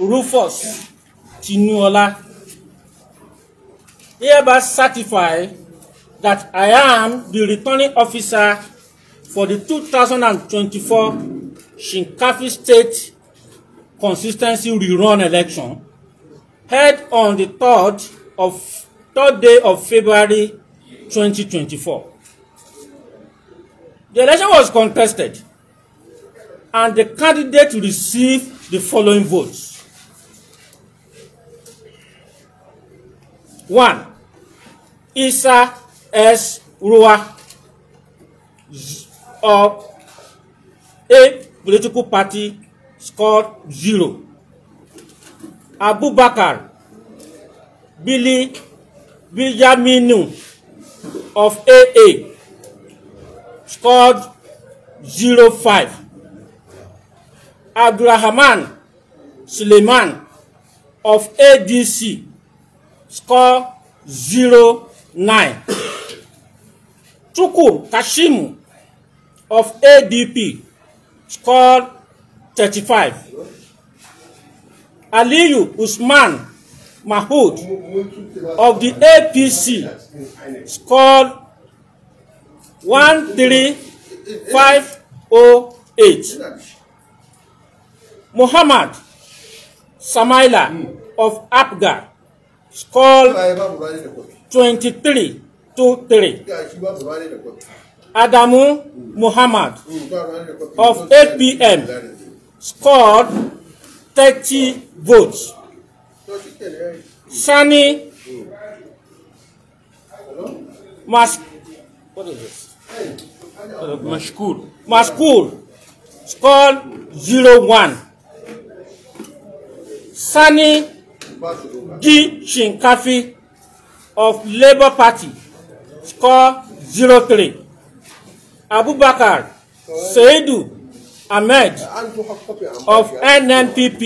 Rufus Tinuola hereby certify that I am the returning officer for the 2024 Shinkafi State Consistency Rerun Election held on the third of third day of February 2024. The election was contested and the candidate received the following votes. one Isa S Rua of a e. political party scored zero Abubakar Bili Bilyaminu of AA scored zero five Abdulrahman Suleiman of ADC score zero nine Tukur Kashim of ADP score thirty-five Aliyu Usman Mahood of the APC score one three five oh eight Muhammad Samaila of APGA twenty three to three. Adamu mm. Muhammad mm, of 8 p.m. scored thirty votes. Sani mm. Mas what is this? Uh, Mashkul. Mashkul scored zero one. Sani G. Shinkafi of Labour Party score 03. Abubakar Seidu Ahmed of NNPP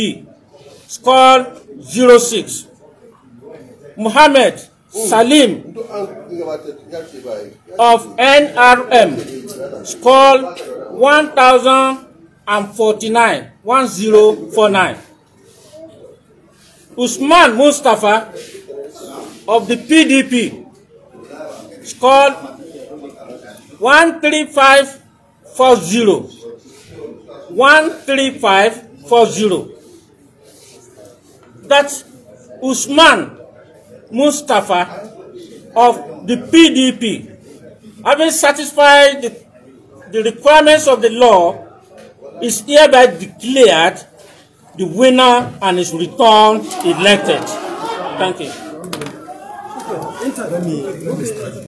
score 06. Muhammad Salim of NRM score 1049 1049. Usman Mustafa of the PDP scored 13540. 13540. That's Usman Mustafa of the PDP, having satisfied the, the requirements of the law, is hereby declared the winner and is returned elected. Thank you.